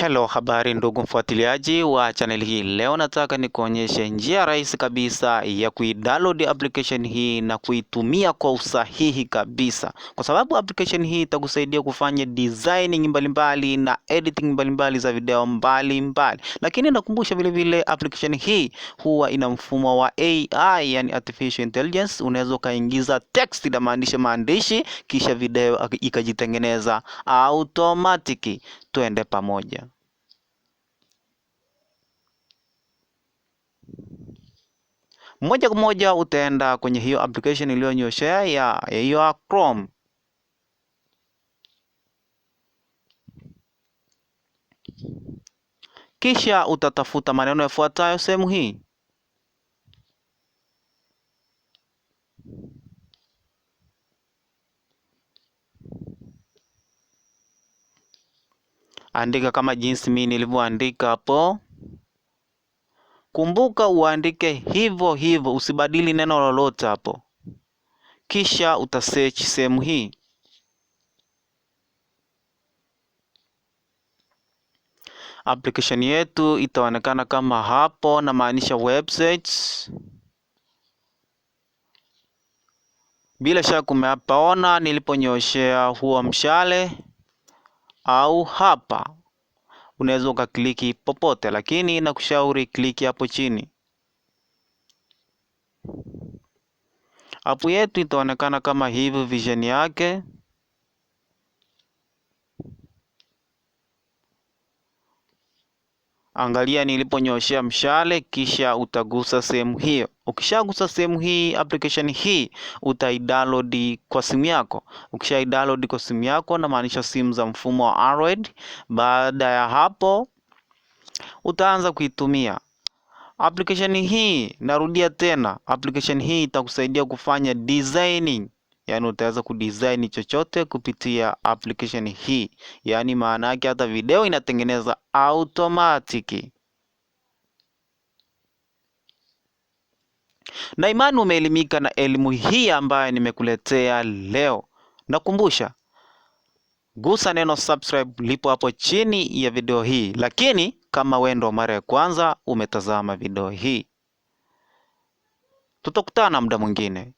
Hello, habari ndugu mfuatiliaji wa channel hii. Leo nataka nikuonyeshe njia rahisi kabisa ya kuidownload application hii na kuitumia kwa usahihi kabisa, kwa sababu application hii itakusaidia kufanya designing mbalimbali na editing mbalimbali za video mbalimbali mbali. Lakini nakumbusha vilevile application hii huwa ina mfumo wa AI, yani artificial intelligence. Unaweza ukaingiza text na maandishi maandishi, kisha video ikajitengeneza automatic. Tuende pamoja. moja kwa moja utaenda kwenye hiyo application iliyonyoshea ya hiyo Chrome. Kisha utatafuta maneno yafuatayo sehemu hii. Andika kama jinsi mimi nilivyoandika hapo. Kumbuka uandike hivyo hivyo usibadili neno lolote hapo. Kisha utasearch sehemu hii. Application yetu itaonekana kama hapo, namaanisha websites. Bila shaka umeapaona niliponyoshea huo mshale au hapa unaweza ukakliki popote, lakini nakushauri kliki hapo chini. Apu yetu itaonekana kama hivi, vision yake Angalia niliponyoshea mshale, kisha utagusa sehemu hiyo. Ukishagusa sehemu hii, application hii utaidownload kwa simu yako. Ukishaidownload kwa simu yako, namaanisha simu za mfumo wa Android. Baada ya hapo, utaanza kuitumia application hii. Narudia tena, application hii itakusaidia kufanya designing Yaani utaweza kudesign chochote kupitia application hii. Yaani maana yake hata video inatengeneza automatic. na imani umeelimika na elimu hii ambayo nimekuletea leo. Nakumbusha, gusa neno subscribe lipo hapo chini ya video hii, lakini kama wewe ndo mara ya kwanza umetazama video hii, tutakutana muda mwingine.